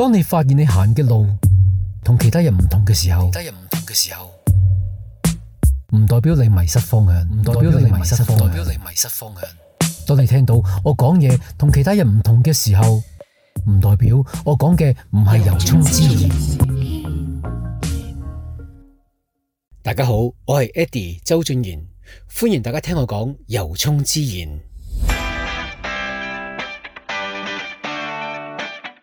當你發現你行嘅路同其他人唔同嘅時候，其他人唔同嘅時候，唔代表你迷失方向，唔代表你迷失方向，唔代表你迷失方向。你方向。當你聽到我講嘢同其他人唔同嘅時候，唔代表我講嘅唔係由衷之言。之言。大家好，我係 Eddie 周俊賢，歡迎大家聽我講由衷之言。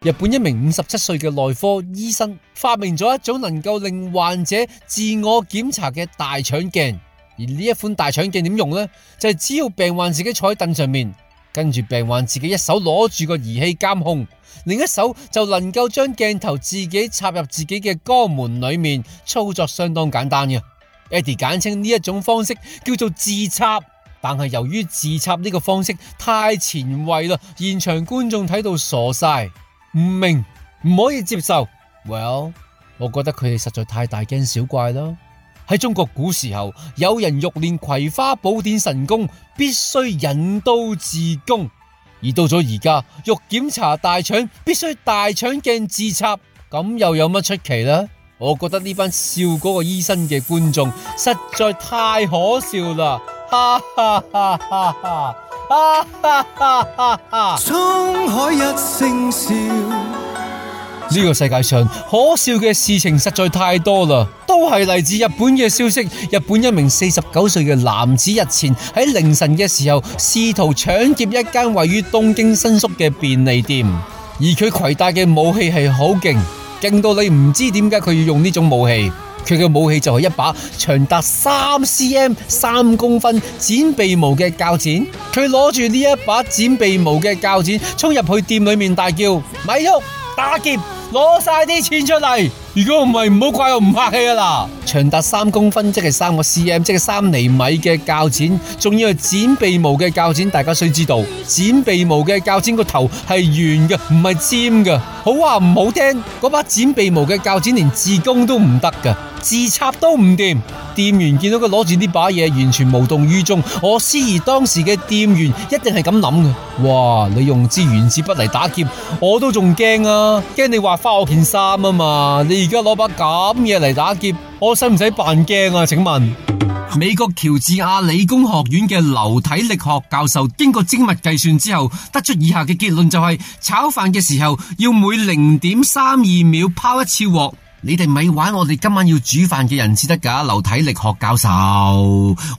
日本一名五十七歲嘅內科醫生發明咗一種能夠令患者自我檢查嘅大腸鏡，而呢一款大腸鏡點用呢？就係只要病患自己坐喺凳上面，跟住病患自己一手攞住個儀器監控，另一手就能夠將鏡頭自己插入自己嘅肛門裏面，操作相當簡單嘅。Eddie 簡稱呢一種方式叫做自插，但係由於自插呢個方式太前衛啦，現場觀眾睇到傻晒。唔明，唔可以接受。Well，我覺得佢哋實在太大驚小怪啦。喺中國古時候，有人欲練葵花寶典神功，必須引刀自宮；而到咗而家，欲檢查大腸，必須大腸鏡自插。咁又有乜出奇呢？我覺得呢班笑嗰個醫生嘅觀眾實在太可笑啦！哈哈哈哈！啊！哈哈哈哈哈！滄海一聲笑。呢個世界上可笑嘅事情實在太多啦，都係嚟自日本嘅消息。日本一名四十九歲嘅男子日前喺凌晨嘅時候試圖搶劫一間位於東京新宿嘅便利店，而佢攜帶嘅武器係好勁，勁到你唔知點解佢要用呢種武器。佢嘅武器就係一把長達三 cm 三公分剪鼻毛嘅鉸剪，佢攞住呢一把剪鼻毛嘅鉸剪衝入去店裏面大叫：咪喐！打劫！攞晒啲錢出嚟！如果唔係唔好怪我唔客氣啊嗱！長達三公分即係三個 cm 即係三厘米嘅鉸剪，仲要係剪鼻毛嘅鉸剪，大家需知道，剪鼻毛嘅鉸剪個頭係圓嘅，唔係尖嘅。好話唔好聽，嗰把剪鼻毛嘅鉸剪連自宮都唔得嘅，自插都唔掂。店員見到佢攞住呢把嘢，完全無動於衷。我思疑當時嘅店員一定係咁諗嘅。哇！你用支原子筆嚟打劫，我都仲驚啊，驚你劃花我件衫啊嘛，而家攞把咁嘢嚟打劫，我使唔使扮驚啊？請問美國喬治亞理工學院嘅流體力學教授經過精密計算之後，得出以下嘅結論，就是，就係炒飯嘅時候要每零點三二秒拋一次鑊。你哋咪玩我哋今晚要煮飯嘅人至得噶。流體力學教授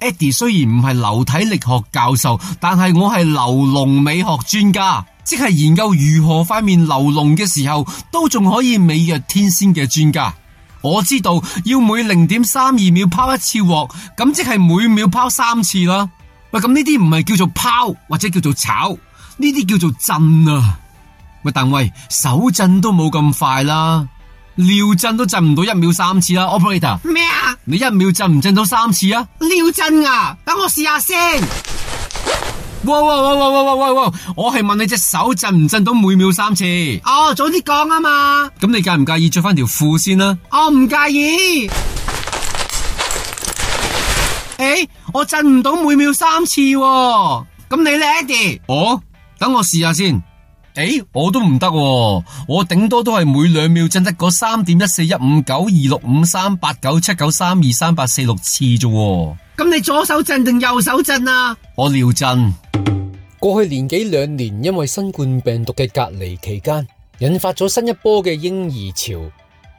Eddie 雖然唔係流體力學教授，但係我係流龍美學專家。即係研究如何塊面流膿嘅時候，都仲可以美若天仙嘅專家。我知道要每零點三二秒拋一次鑊，咁即係每秒拋三次啦。喂，咁呢啲唔係叫做拋，或者叫做炒，呢啲叫做震啊。喂，鄧喂，手震都冇咁快啦，尿震都震唔到一秒三次啦。Operator，咩啊？你一秒震唔震到三次啊？尿震啊？等我試下先。哇哇哇哇哇哇哇！我係問你隻手震唔震到每秒三次？哦，早啲講啊嘛！咁你介唔介意着翻條褲先啦？我唔介意。誒、欸，我震唔到每秒三次喎。咁你咧，Eddie？哦，等我試下先。誒，我都唔得，我頂多都係每兩秒震得嗰三點一四一五九二六五三八九七九三二三八四六次啫。咁你左手震定右手震啊？我撩震。過去年幾兩年，因為新冠病毒嘅隔離期間，引發咗新一波嘅嬰兒潮，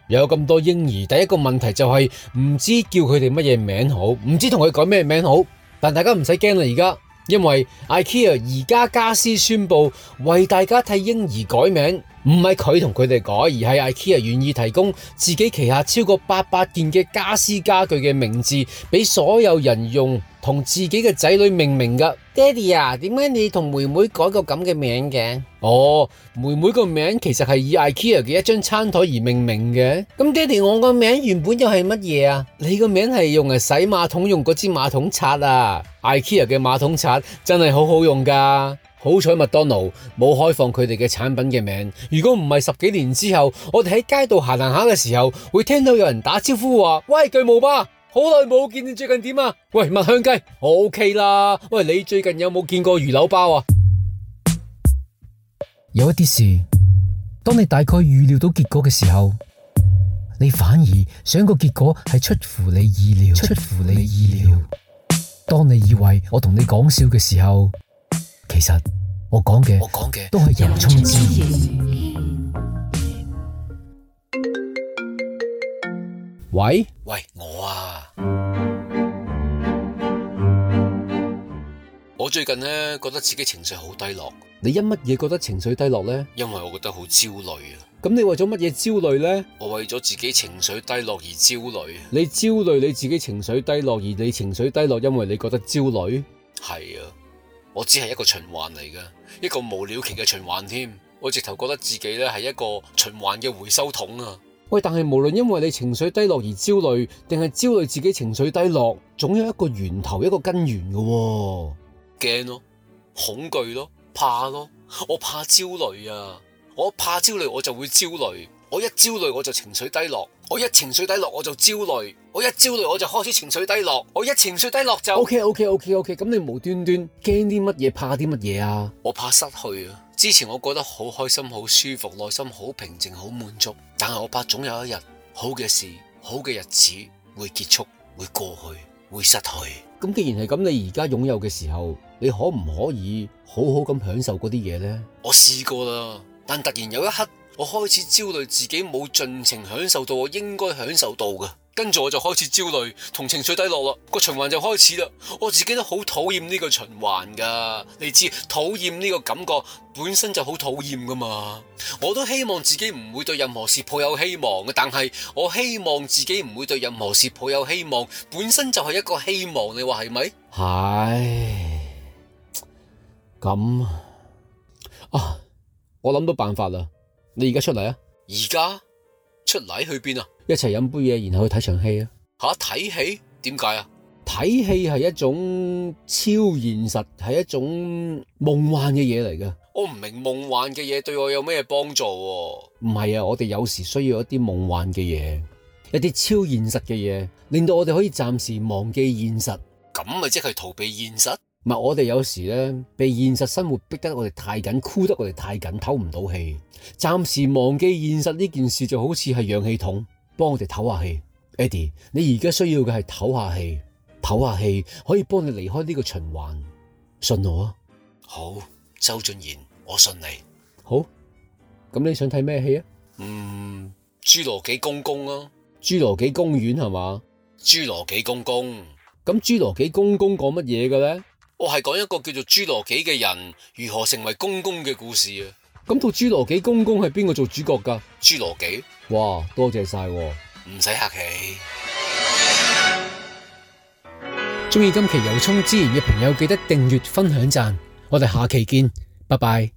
有咁多嬰兒。第一個問題就係唔知叫佢哋乜嘢名好，唔知同佢講咩名好。但大家唔使驚啦，而家。因為 IKEA 而家家私宣布為大家替嬰兒改名。唔係佢同佢哋改，而係 IKEA 願意提供自己旗下超過八百件嘅家私家具嘅名字，俾所有人用，同自己嘅仔女命名噶。爹哋啊，點解你同妹妹改個咁嘅名嘅？哦，妹妹個名其實係以 IKEA 嘅一張餐台而命名嘅。咁爹哋，我個名原本又係乜嘢啊？你個名係用嚟洗馬桶用嗰支馬桶刷啊？IKEA 嘅馬桶刷真係好好用噶。好彩麥當勞冇開放佢哋嘅產品嘅名，如果唔係十幾年之後，我哋喺街道行行下嘅時候，會聽到有人打招呼話，喂，巨無霸，好耐冇見，你最近點啊？喂，麥香雞，我 OK 啦。喂，你最近有冇見過魚柳包啊？有一啲事，當你大概預料到結果嘅時候，你反而想個結果係出乎你意料。出乎你意料。出乎你意料，當你以為我同你講笑嘅時候，其實我講嘅，我講嘅都係由衷之言。喂喂，我啊，我最近呢，覺得自己情緒好低落。你因乜嘢覺得情緒低落呢？因為我覺得好焦慮啊。咁你為咗乜嘢焦慮呢？我為咗自己情緒低落而焦慮。你焦慮你自己情緒低落，而你情緒低落，因為你覺得焦慮。係啊。我只係一個循環嚟嘅，一個無了期嘅循環添。我直頭覺得自己咧係一個循環嘅回收桶啊。喂，但係無論因為你情緒低落而焦慮，定係焦慮自己情緒低落，總有一個源頭、一個根源嘅喎。驚咯，恐懼咯，怕咯。我怕焦慮啊！我怕焦慮，我就會焦慮。我一焦慮我就情緒低落，我一情緒低落我就焦慮。我一焦慮我就開始情緒低落，我一情緒低落就。OK、OK、OK、OK，咁你無端端驚啲乜嘢，怕啲乜嘢啊？我怕失去啊！之前我覺得好開心、好舒服、內心好平靜、好滿足，但係我怕總有一日好嘅事、好嘅日子會結束、會過去、會失去。咁既然係咁，你而家擁有嘅時候，你可唔可以好好咁享受嗰啲嘢呢？我試過啦，但突然有一刻，我開始焦慮自己冇盡情享受到我應該享受到嘅。跟住我就開始焦慮同情緒低落啦，個循環就開始啦。我自己都好討厭呢個循環噶，你知討厭呢個感覺本身就好討厭噶嘛。我都希望自己唔會對任何事抱有希望嘅，但係我希望自己唔會對任何事抱有希望，本身就係一個希望。你話係咪？係咁啊！我諗到辦法啦，你而家出嚟啊！而家。出嚟去邊啊？一齊飲杯嘢，然後去睇場戲啊！吓？睇戲？點解啊？睇戲係一種超現實，係一種夢幻嘅嘢嚟嘅。我唔明夢幻嘅嘢對我有咩幫助啊？唔係啊，我哋有時需要一啲夢幻嘅嘢，一啲超現實嘅嘢，令到我哋可以暫時忘記現實。咁咪即係逃避現實？唔係，我哋有時咧，被現實生活逼得我哋太緊，箍得我哋太緊，唞唔到氣，暫時忘記現實呢件事就好似係氧氣筒，幫我哋唞下氣。Eddie，你而家需要嘅係唞下氣，唞下氣可以幫你離開呢個循環，信我啊！好，周俊賢，我信你。好，咁你想睇咩戲啊？嗯，侏羅紀公公啊，侏羅紀公園係嘛？侏羅紀公公，咁侏羅紀公公講乜嘢嘅咧？我係講一個叫做侏羅紀嘅人如何成為公公嘅故事啊！咁套侏羅紀公公係邊個做主角噶？侏羅紀？哇，多謝晒，唔使客氣。中意今期有充之言嘅朋友記得訂閱、分享、讚，我哋下期見，拜拜。